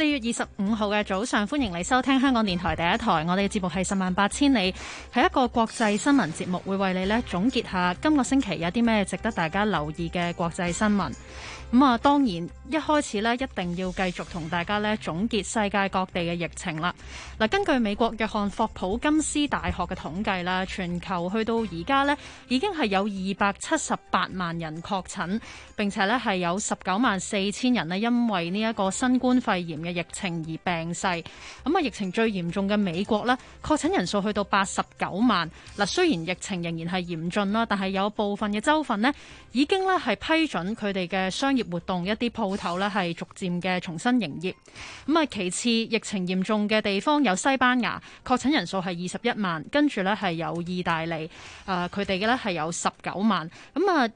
四月二十五號嘅早上，歡迎你收聽香港電台第一台。我哋嘅節目係十萬八千里，係一個國際新聞節目，會為你咧總結下今個星期有啲咩值得大家留意嘅國際新聞。咁、嗯、啊，當然一開始呢，一定要繼續同大家咧總結世界各地嘅疫情啦。嗱，根據美國約翰霍普金斯大學嘅統計啦，全球去到而家呢，已經係有二百七十八萬人確診，並且呢係有十九萬四千人呢，因為呢一個新冠肺炎疫情而病逝咁啊！疫情最嚴重嘅美國咧，確診人數去到八十九萬。嗱，雖然疫情仍然係嚴峻啦，但係有部分嘅州份咧，已經咧係批准佢哋嘅商業活動一啲鋪頭咧係逐漸嘅重新營業。咁啊，其次疫情嚴重嘅地方有西班牙，確診人數係二十一萬，跟住咧係有意大利，啊佢哋嘅咧係有十九萬。咁啊，而呢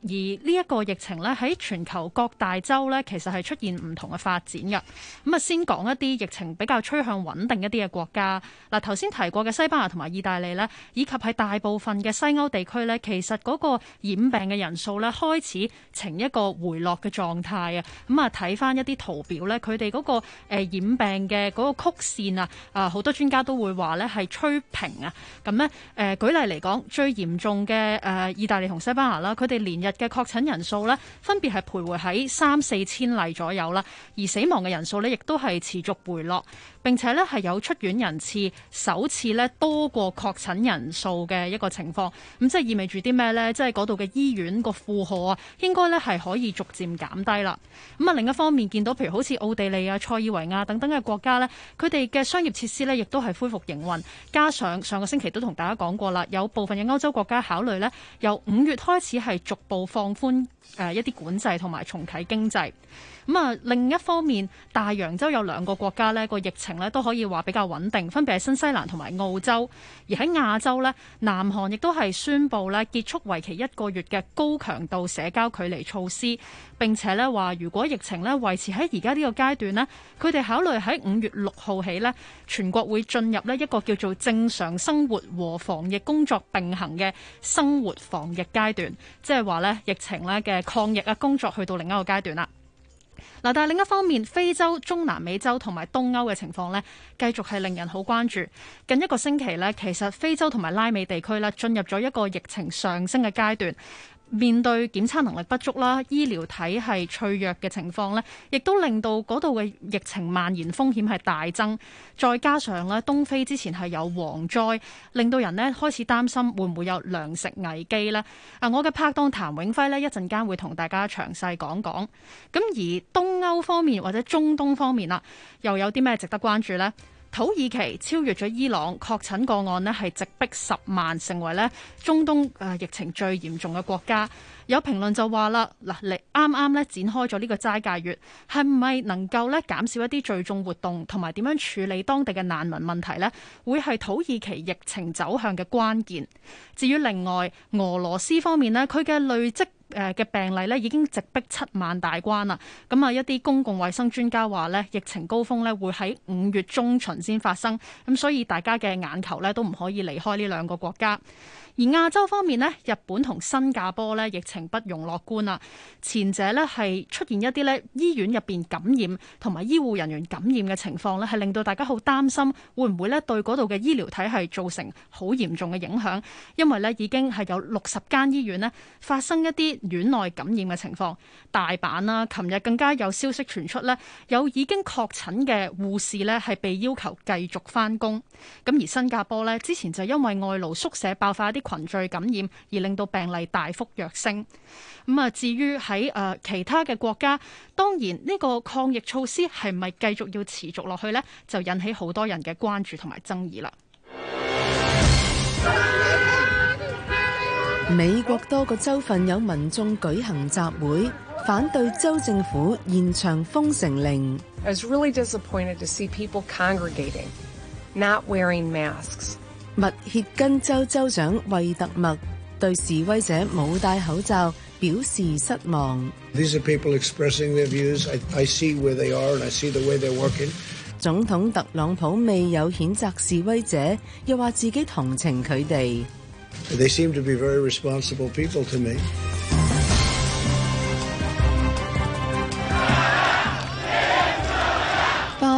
一個疫情咧喺全球各大洲咧，其實係出現唔同嘅發展嘅。咁啊，先講一啲疫情比較趨向穩定一啲嘅國家，嗱，頭先提過嘅西班牙同埋意大利呢，以及喺大部分嘅西歐地區呢，其實嗰個染病嘅人數呢，開始呈一個回落嘅狀態啊。咁啊，睇翻一啲圖表呢，佢哋嗰個、呃、染病嘅嗰個曲線啊，啊好多專家都會話呢係趨平啊。咁、呃、呢，誒舉例嚟講，最嚴重嘅誒、呃、意大利同西班牙啦，佢哋連日嘅確診人數呢，分別係徘徊喺三四千例左右啦，而死亡嘅人數呢，亦都係係持續回落，並且咧係有出院人次首次咧多過確診人數嘅一個情況，咁即係意味住啲咩呢？即係嗰度嘅醫院個負荷啊，應該咧係可以逐漸減低啦。咁啊，另一方面見到，譬如好似奧地利啊、塞爾維亞等等嘅國家呢，佢哋嘅商業設施咧亦都係恢復營運。加上上個星期都同大家講過啦，有部分嘅歐洲國家考慮咧，由五月開始係逐步放寬誒一啲管制同埋重啟經濟。咁啊，另一方面，大洋洲有兩個國家咧，個疫情咧都可以話比較穩定，分別係新西蘭同埋澳洲。而喺亞洲咧，南韓亦都係宣布咧結束為期一個月嘅高強度社交距離措施。並且咧話，如果疫情咧維持喺而家呢個階段咧，佢哋考慮喺五月六號起咧，全國會進入咧一個叫做正常生活和防疫工作並行嘅生活防疫階段。即係話咧，疫情咧嘅抗疫啊工作去到另一個階段啦。嗱，但另一方面，非洲、中南美洲同埋東歐嘅情況咧，繼續係令人好關注。近一個星期咧，其實非洲同埋拉美地區咧，進入咗一個疫情上升嘅階段。面對檢測能力不足啦，醫療體系脆弱嘅情況呢，亦都令到嗰度嘅疫情蔓延風險係大增。再加上呢，東非之前係有蝗災，令到人呢開始擔心會唔會有糧食危機呢。啊，我嘅拍檔譚永輝呢，一陣間會同大家詳細講講。咁而東歐方面或者中東方面啦，又有啲咩值得關注呢？土耳其超越咗伊朗，確診個案呢係直逼十萬，成為咧中東誒、呃、疫情最嚴重嘅國家。有評論就話啦，嗱，你啱啱咧展開咗呢個齋戒月，係咪能夠咧減少一啲聚眾活動，同埋點樣處理當地嘅難民問題呢？會係土耳其疫情走向嘅關鍵。至於另外俄羅斯方面呢，佢嘅累積誒嘅病例呢已經直逼七萬大關啦。咁啊，一啲公共衛生專家話呢，疫情高峰咧會喺五月中旬先發生。咁所以大家嘅眼球呢都唔可以離開呢兩個國家。而亞洲方面呢，日本同新加坡呢疫情情不容樂觀啊，前者咧係出現一啲咧醫院入邊感染同埋醫護人員感染嘅情況咧，係令到大家好擔心會唔會咧對嗰度嘅醫療體系造成好嚴重嘅影響，因為咧已經係有六十間醫院咧發生一啲院內感染嘅情況。大阪啦、啊，琴日更加有消息傳出咧，有已經確診嘅護士咧係被要求繼續翻工。咁而新加坡咧之前就因為外勞宿舍爆發一啲群聚感染，而令到病例大幅躍升。咁啊、嗯，至於喺誒其他嘅國家，當然呢個抗疫措施係咪繼續要持續落去呢，就引起好多人嘅關注同埋爭議啦。美國多個州份有民眾舉行集會，反對州政府延長封城令。I was really disappointed to see people congregating, not wearing masks。密歇根州州長惠特默，對示威者冇戴口罩表示失望。These are people expressing their views. I, I see where they are and I see the way they're working. 總統特朗普未有譴責示威者，又話自己同情佢哋。They seem to be very responsible people to me.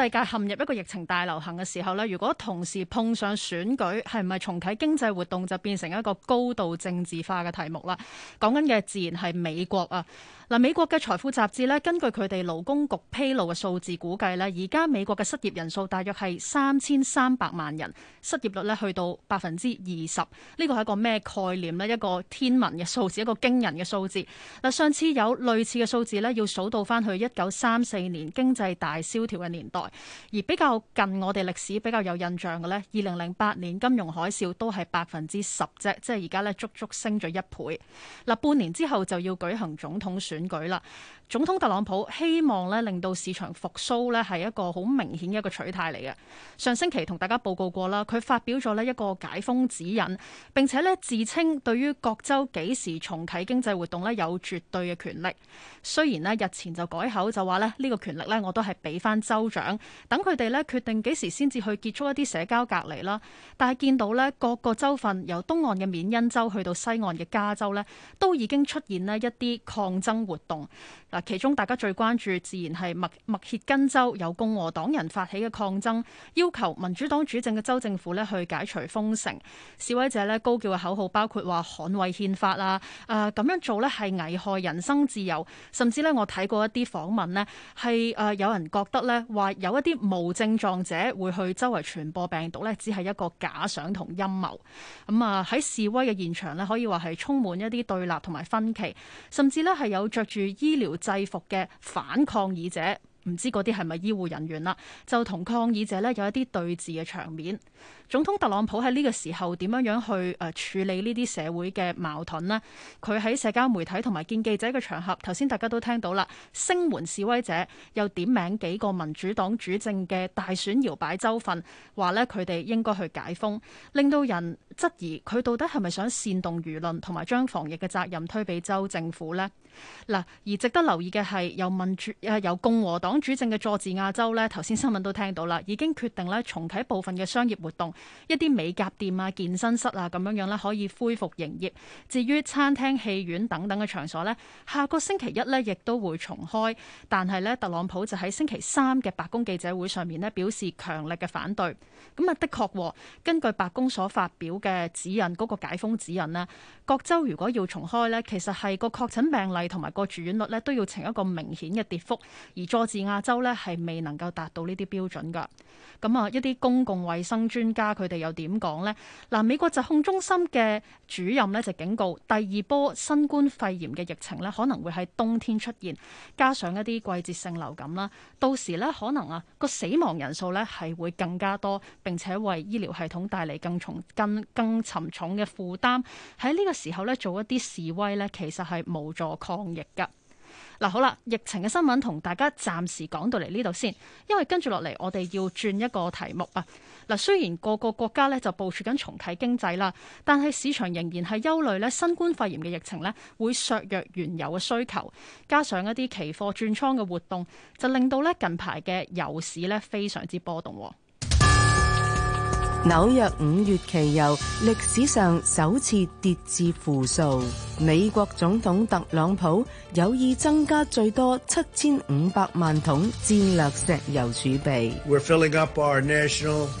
世界陷入一個疫情大流行嘅時候咧，如果同時碰上選舉，係唔係重啟經濟活動就變成一個高度政治化嘅題目啦？講緊嘅自然係美國啊。嗱，美國嘅財富雜誌咧，根據佢哋勞工局披露嘅數字估計咧，而家美國嘅失業人數大約係三千三百萬人，失業率咧去到百分之二十。呢個係一個咩概念咧？一個天文嘅數字，一個驚人嘅數字。嗱，上次有類似嘅數字咧，要數到返去一九三四年經濟大蕭條嘅年代。而比較近我哋歷史比較有印象嘅呢，二零零八年金融海嘯都係百分之十啫，即係而家呢，足足升咗一倍。嗱，半年之後就要舉行總統選舉啦。總統特朗普希望呢，令到市場復甦呢，係一個好明顯嘅一個取態嚟嘅。上星期同大家報告過啦，佢發表咗呢，一個解封指引，並且呢，自稱對於各州幾時重啟經濟活動呢有絕對嘅權力。雖然呢，日前就改口就話呢呢個權力呢我都係俾翻州長。等佢哋咧決定幾時先至去結束一啲社交隔離啦，但係見到咧各個州份由東岸嘅緬因州去到西岸嘅加州咧，都已經出現咧一啲抗爭活動。嗱，其中大家最關注自然係密密歇根州有共和黨人發起嘅抗爭，要求民主黨主政嘅州政府咧去解除封城。示威者咧高叫嘅口號包括話捍衞憲法啊，誒、呃、咁樣做咧係危害人身自由，甚至咧我睇過一啲訪問咧係誒有人覺得咧話有一啲無症狀者會去周圍傳播病毒咧，只係一個假想同陰謀。咁啊喺示威嘅現場咧，可以話係充滿一啲對立同埋分歧，甚至咧係有着住醫療制服嘅反抗議者，唔知嗰啲係咪醫護人員啦，就同抗議者咧有一啲對峙嘅場面。總統特朗普喺呢個時候點樣樣去誒處理呢啲社會嘅矛盾呢？佢喺社交媒體同埋見記者嘅場合，頭先大家都聽到啦，聲援示威者又點名幾個民主黨主政嘅大選搖擺州份，話呢佢哋應該去解封，令到人質疑佢到底係咪想煽動輿論同埋將防疫嘅責任推俾州政府呢。嗱，而值得留意嘅係，由民主、呃、由共和黨主政嘅佐治亞州呢，頭先新聞都聽到啦，已經決定咧重啟部分嘅商業活動。一啲美甲店啊、健身室啊咁樣樣咧，可以恢復營業。至於餐廳、戲院等等嘅場所咧，下個星期一呢亦都會重開。但係呢，特朗普就喺星期三嘅白宮記者會上面咧，表示強力嘅反對。咁啊，的確根據白宮所發表嘅指引嗰個解封指引咧，各州如果要重開呢，其實係個確診病例同埋個住院率咧都要呈一個明顯嘅跌幅。而佐治亞州呢，係未能夠達到呢啲標準㗎。咁啊，一啲公共衞生專家。佢哋又點講呢？嗱，美國疾控中心嘅主任咧就警告，第二波新冠肺炎嘅疫情咧可能會喺冬天出現，加上一啲季節性流感啦，到時呢，可能啊個死亡人數咧係會更加多，並且為醫療系統帶嚟更重、更更沉重嘅負擔。喺呢個時候咧做一啲示威咧，其實係無助抗疫㗎。嗱、啊，好啦，疫情嘅新聞同大家暫時講到嚟呢度先，因為跟住落嚟我哋要轉一個題目啊。嗱，雖然各個國家咧就部署緊重啟經濟啦，但係市場仍然係憂慮咧新冠肺炎嘅疫情咧會削弱原有嘅需求，加上一啲期貨轉倉嘅活動，就令到咧近排嘅油市咧非常之波動。紐約五月期油歷史上首次跌至負數。美國總統特朗普有意增加最多七千五百萬桶戰略石油儲備。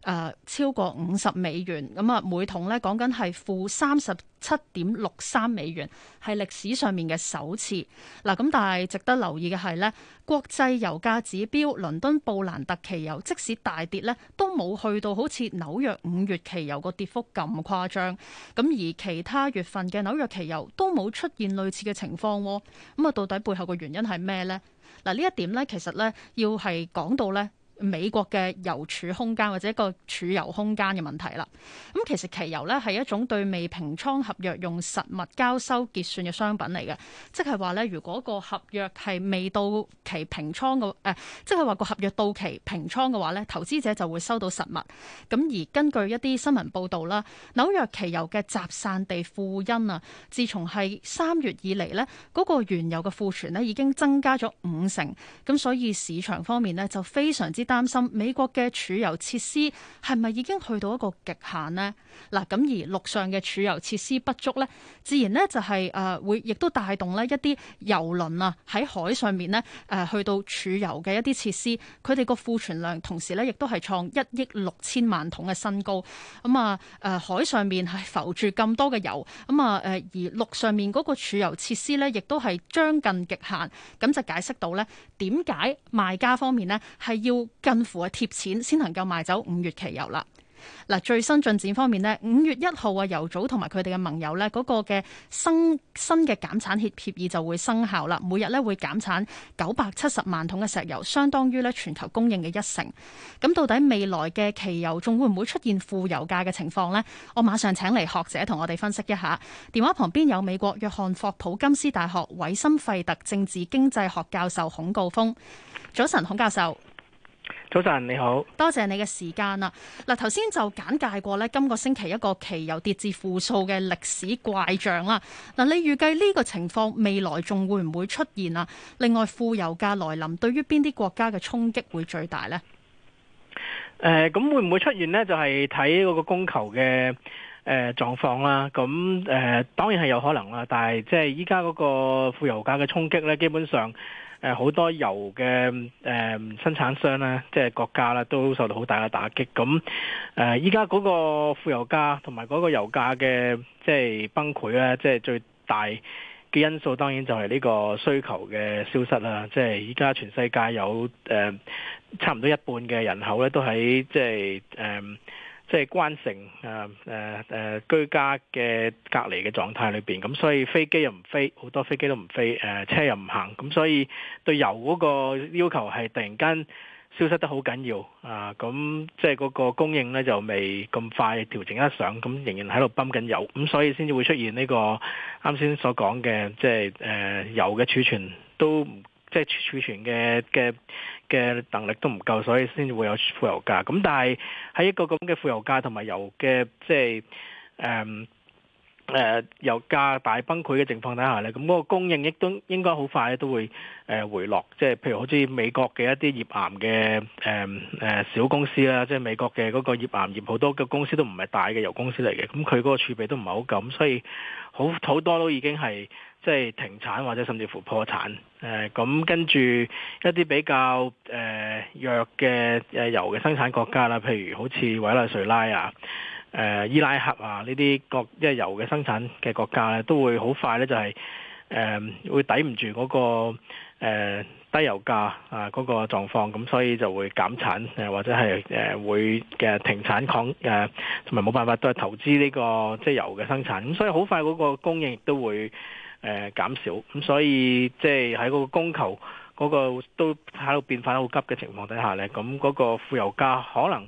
誒超過五十美元，咁啊每桶咧講緊係負三十七點六三美元，係歷史上面嘅首次。嗱，咁但係值得留意嘅係呢，國際油價指標倫敦布蘭特期油即使大跌呢，都冇去到好似紐約五月期油個跌幅咁誇張。咁而其他月份嘅紐約期油都冇出現類似嘅情況喎。咁啊，到底背後嘅原因係咩呢？嗱，呢一點呢，其實呢，要係講到呢。美國嘅油儲空間或者一個儲油空間嘅問題啦。咁其實期油咧係一種對未平倉合約用實物交收結算嘅商品嚟嘅，即係話咧，如果個合約係未到期平倉嘅，誒即係話個合約到期平倉嘅話咧，投資者就會收到實物。咁而根據一啲新聞報道啦，紐約期油嘅集散地富因啊，自從係三月以嚟咧，嗰個原油嘅庫存咧已經增加咗五成，咁所以市場方面咧就非常之。擔心美國嘅儲油設施係咪已經去到一個極限呢？嗱、啊，咁而陸上嘅儲油設施不足呢，自然呢就係、是、誒、呃、會，亦都帶動呢一啲油輪啊喺海上面呢，誒、呃、去到儲油嘅一啲設施，佢哋個庫存量同時呢亦都係創一億六千萬桶嘅新高。咁啊誒海上面係浮住咁多嘅油，咁啊誒而陸上面嗰個儲油設施呢，亦都係將近極限，咁就解釋到呢點解賣家方面呢係要。近乎係貼錢先能夠賣走五月期油啦。嗱，最新進展方面咧，五月一號啊，油組同埋佢哋嘅盟友咧，嗰、那個嘅新新嘅減產協協議就會生效啦。每日咧會減產九百七十萬桶嘅石油，相當於咧全球供應嘅一成。咁到底未來嘅期油仲會唔會出現負油價嘅情況呢？我馬上請嚟學者同我哋分析一下。電話旁邊有美國約翰霍普，普金斯大學韋森費特政治經濟學教授孔誥烽。早晨，孔教授。早晨，你好，多謝你嘅時間啦。嗱，頭先就簡介過呢，今個星期一個期油跌至負數嘅歷史怪象啦。嗱，你預計呢個情況未來仲會唔會出現啊？另外，負油價來臨，對於邊啲國家嘅衝擊會最大呢？誒、呃，咁會唔會出現呢？就係睇嗰個供求嘅誒狀況啦。咁、呃、誒、呃，當然係有可能啦。但係即係依家嗰個負油價嘅衝擊咧，基本上。誒好多油嘅誒、呃、生產商咧，即係國家啦，都受到好大嘅打擊。咁誒，依家嗰個負油價同埋嗰個油價嘅即係崩潰咧，即係最大嘅因素，當然就係呢個需求嘅消失啦。即係依家全世界有誒、呃、差唔多一半嘅人口咧，都喺即係誒。呃即係關城，誒誒誒，居家嘅隔離嘅狀態裏邊，咁所以飛機又唔飛，好多飛機都唔飛，誒、呃、車又唔行，咁所以對油嗰個要求係突然間消失得好緊要，啊、呃，咁即係嗰個供應呢，就未咁快調整得上，咁仍然喺度泵緊油，咁所以先至會出現呢個啱先所講嘅、即係，即係誒油嘅儲存都即係、即係、儲存嘅嘅。嘅能力都唔夠，所以先至會有負油價。咁但係喺一個咁嘅負油價同埋油嘅即係誒誒油價大崩潰嘅情況底下咧，咁、嗯、嗰、那個供應亦都應該好快咧都會誒、呃、回落。即、就、係、是、譬如好似美國嘅一啲頁岩嘅誒誒小公司啦，即、就、係、是、美國嘅嗰個頁岩業好多嘅公司都唔係大嘅油公司嚟嘅，咁佢嗰個儲備都唔係好夠，所以好好多都已經係。即係停產或者甚至乎破產誒，咁、呃、跟住一啲比較誒、呃、弱嘅誒油嘅生產國家啦，譬如好似委內瑞拉啊、誒、呃、伊拉克啊呢啲國即係油嘅生產嘅國家咧，都會好快咧就係、係、誒、呃、會抵唔住嗰、嗰個、呃、低油價啊嗰、嗰個狀況，咁所以就會減產誒，或者係誒、呃、會嘅停產降誒，同埋冇辦法都係投資呢、呢個即係、就係、油嘅生產，咁所以好快嗰個供應亦都會。誒、呃、減少，咁所以即係喺嗰個供求嗰、嗰個都喺度變化得好急嘅情況底下呢，咁嗰個負油價可能誒、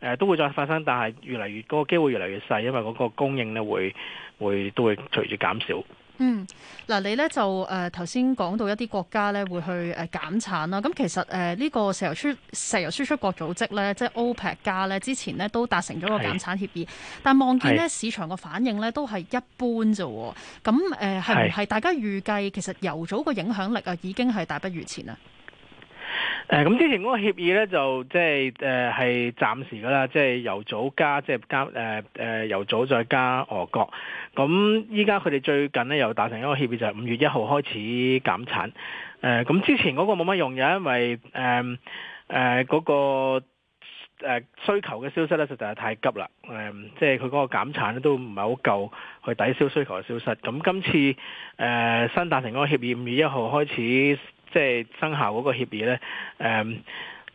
呃、都會再發生，但係越嚟越嗰、嗰個機會越嚟越細，因為嗰個供應咧會會都會隨住減少。嗯，嗱，你咧就誒頭先講到一啲國家咧會去誒、呃、減產啦，咁其實誒呢、呃這個石油輸石油輸出國組織咧，即係 OPEC 加咧，之前咧都達成咗個減產協議，的但望見咧市場個反應咧都係一般啫、哦，咁誒係唔係大家預計其實油組個影響力啊已經係大不如前啊？誒咁、嗯、之前嗰個協議咧，就即係誒係暫時噶啦，即係由早加，即係加誒誒、呃呃、由早再加俄國。咁依家佢哋最近咧又達成一個協議，就係五月一號開始減產。誒、呃、咁、嗯、之前嗰個冇乜用嘅，因為誒誒嗰個、呃、需求嘅消失咧，實在係太急啦。誒、嗯、即係佢嗰個減產咧都唔係好夠去抵消需求嘅消失。咁、嗯、今次誒、呃、新達成嗰個協議，五月一號開始。即係生效嗰個協議咧，誒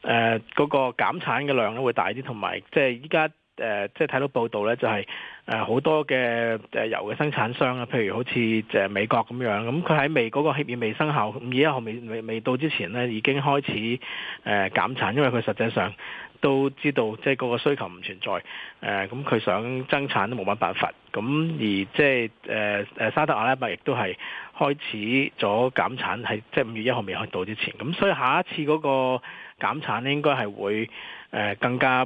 誒嗰個減產嘅量咧會大啲，同埋即係而家。誒、呃，即係睇到報道咧，就係誒好多嘅誒、呃、油嘅生產商啊，譬如好似誒美國咁樣，咁佢喺未嗰個協議未生效五月一號未未未到之前咧，已經開始誒減產，因為佢實際上都知道即係嗰個需求唔存在，誒咁佢想增產都冇乜辦法。咁、嗯、而即係誒誒沙特阿拉伯亦都係開始咗減產，係即係五月一號未去到之前。咁、嗯、所以下一次嗰個減產咧，應該係會、呃、更加。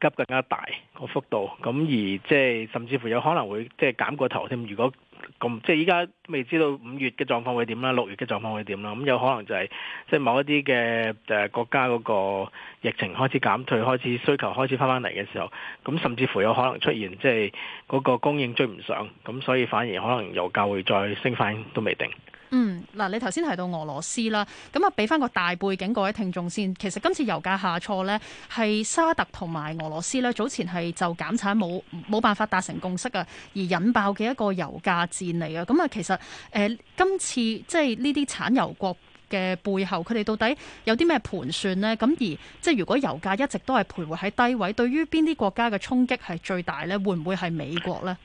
急更加大個幅度，咁而即係甚至乎有可能會即係減過頭添。如果咁即係依家未知道五月嘅狀況會點啦，六月嘅狀況會點啦。咁有可能就係即係某一啲嘅誒國家嗰個疫情開始減退，開始需求開始翻返嚟嘅時候，咁甚至乎有可能出現即係嗰個供應追唔上，咁所以反而可能油價會再升翻都未定。嗯。嗱，你頭先提到俄羅斯啦，咁啊俾翻個大背景，各位聽眾先。其實今次油價下挫呢，係沙特同埋俄羅斯呢，早前係就減產冇冇辦法達成共識啊，而引爆嘅一個油價戰嚟嘅。咁啊，其實誒、呃、今次即係呢啲產油國嘅背後，佢哋到底有啲咩盤算呢？咁而即係如果油價一直都係徘徊喺低位，對於邊啲國家嘅衝擊係最大呢？會唔會係美國呢？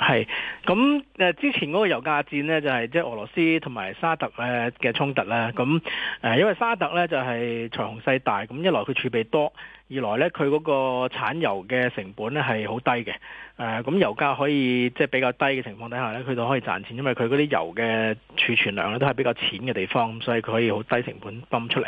係咁誒，之前嗰個油價戰咧，就係即係俄羅斯同埋沙特誒嘅衝突啦。咁誒，因為沙特咧就係、係、財雄勢大，咁一來佢儲備多。二來呢，佢嗰個產油嘅成本呢係好低嘅，誒、呃、咁油價可以即係比較低嘅情況底下呢，佢就可以賺錢，因為佢嗰啲油嘅儲存量呢都係比較淺嘅地方，所以佢可以好低成本泵出嚟。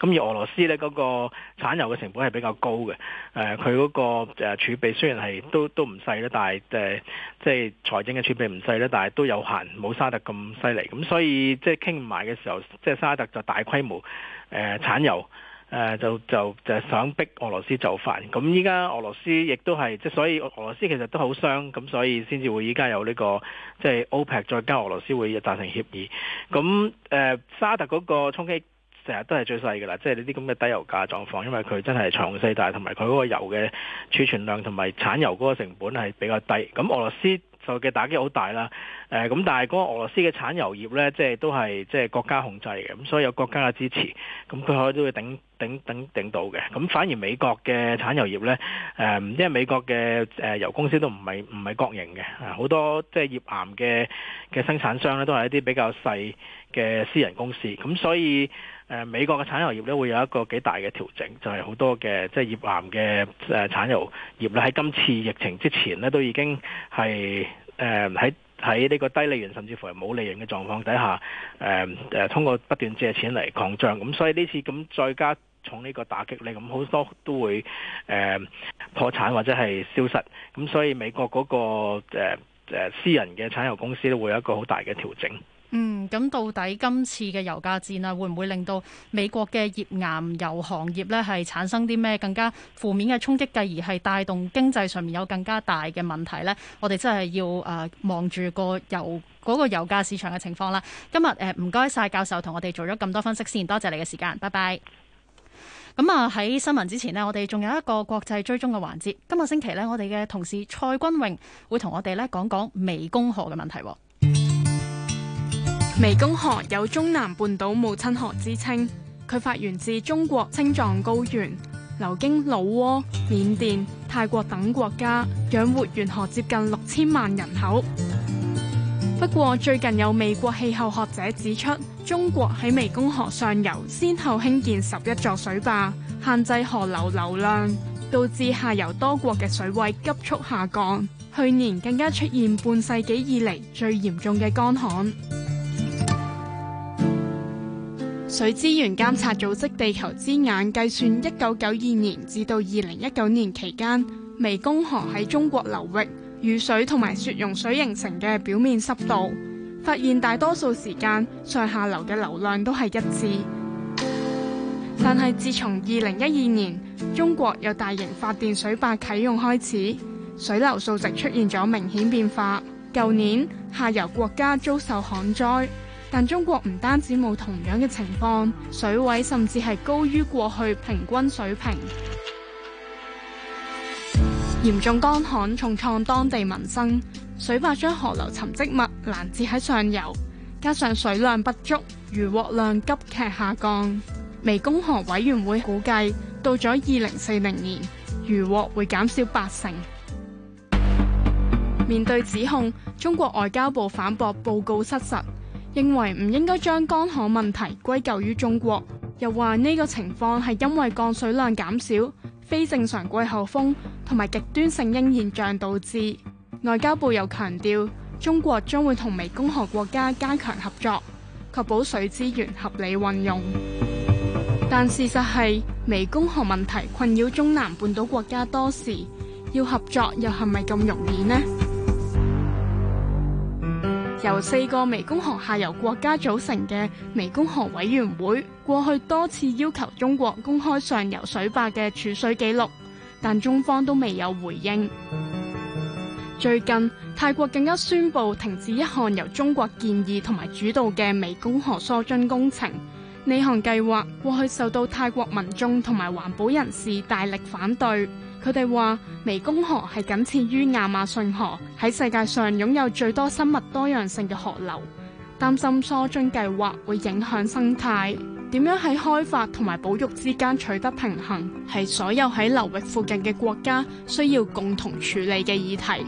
咁而俄羅斯呢，嗰、那個產油嘅成本係比較高嘅，誒佢嗰個誒儲備雖然係都都唔細啦，但係、呃、即係財政嘅儲備唔細啦，但係都有限，冇沙特咁犀利。咁、嗯、所以即係傾唔埋嘅時候，即係沙特就大規模誒、呃、產油。誒、呃、就就就係想逼俄羅斯就範，咁依家俄羅斯亦都係即係所以俄羅斯其實都好傷，咁所以先至會依家有呢、這個即係 OPEC 再加俄羅斯會達成協議。咁誒、呃、沙特嗰個衝擊成日都係最細㗎啦，即係呢啲咁嘅低油價狀況，因為佢真係場勢大，同埋佢嗰個油嘅儲存量同埋產油嗰個成本係比較低。咁俄羅斯，受嘅打擊好大啦，誒、呃、咁，但係嗰個俄羅斯嘅產油業呢，即係都係即係國家控制嘅，咁所以有國家嘅支持，咁佢可以都會頂頂頂頂到嘅。咁反而美國嘅產油業呢，誒、呃，因為美國嘅誒、呃、油公司都唔係唔係國營嘅，好、啊、多即係頁岩嘅嘅生產商咧，都係一啲比較細嘅私人公司，咁所以。誒、呃、美國嘅產油業咧會有一個幾大嘅調整，就係、是、好多嘅即係頁岩嘅誒產油業咧喺今次疫情之前咧都已經係誒喺喺呢個低利潤甚至乎係冇利潤嘅狀況底下，誒誒、呃、通過不斷借錢嚟狂漲，咁所以呢次咁再加重呢個打擊咧，咁好多都會誒、呃、破產或者係消失，咁所以美國嗰、那個誒、呃、私人嘅產油公司咧會有一個好大嘅調整。嗯，咁到底今次嘅油價戰啊，會唔會令到美國嘅頁岩油行業咧係產生啲咩更加負面嘅衝擊，繼而係帶動經濟上面有更加大嘅問題呢？我哋真係要誒望住個油嗰個油價市場嘅情況啦。今日誒唔該晒教授，同我哋做咗咁多分析先，多謝你嘅時間，拜拜。咁啊喺新聞之前呢，我哋仲有一個國際追蹤嘅環節。今個星期呢，我哋嘅同事蔡君穎會同我哋呢講講湄公河嘅問題，啊。湄公河有中南半島母親河之稱，佢發源自中國青藏高原，流經老撾、緬甸、泰國等國家，養活沿河接近六千萬人口。不過，最近有美國氣候學者指出，中國喺湄公河上游先後興建十一座水壩，限制河流流量，導致下游多國嘅水位急速下降。去年更加出現半世紀以嚟最嚴重嘅乾旱。水資源監察組織地球之眼計算一九九二年至到二零一九年期間，湄公河喺中國流域雨水同埋雪融水形成嘅表面濕度，發現大多數時間上下流嘅流量都係一致。但係自從二零一二年中國有大型發電水壩啟用開始，水流數值出現咗明顯變化。舊年下游國家遭受旱災。但中國唔單止冇同樣嘅情況，水位甚至係高於過去平均水平， 嚴重乾旱重創當地民生。水壩將河流沉積物攔截喺上游，加上水量不足，漁獲量急劇下降。湄公河委員會估計，到咗二零四零年，漁獲會減少八成。 面對指控，中國外交部反駁報告失實。認為唔應該將乾旱問題歸咎於中國，又話呢個情況係因為降水量減少、非正常季候風同埋極端聖嬰現象導致。外交部又強調，中國將會同湄公河國家加強合作，確保水資源合理運用。但事實係，湄公河問題困擾中南半島國家多時，要合作又係咪咁容易呢？由四個湄公河下游國家組成嘅湄公河委員會，過去多次要求中國公開上游水壩嘅儲水記錄，但中方都未有回應。最近，泰國更加宣布停止一項由中國建議同埋主導嘅湄公河疏浚工程。呢項計劃過去受到泰國民眾同埋環保人士大力反對。佢哋話：湄公河係僅次於亞馬遜河，喺世界上擁有最多生物多樣性嘅河流，擔心疏浚計劃會影響生態。點樣喺開發同埋保育之間取得平衡，係所有喺流域附近嘅國家需要共同處理嘅議題。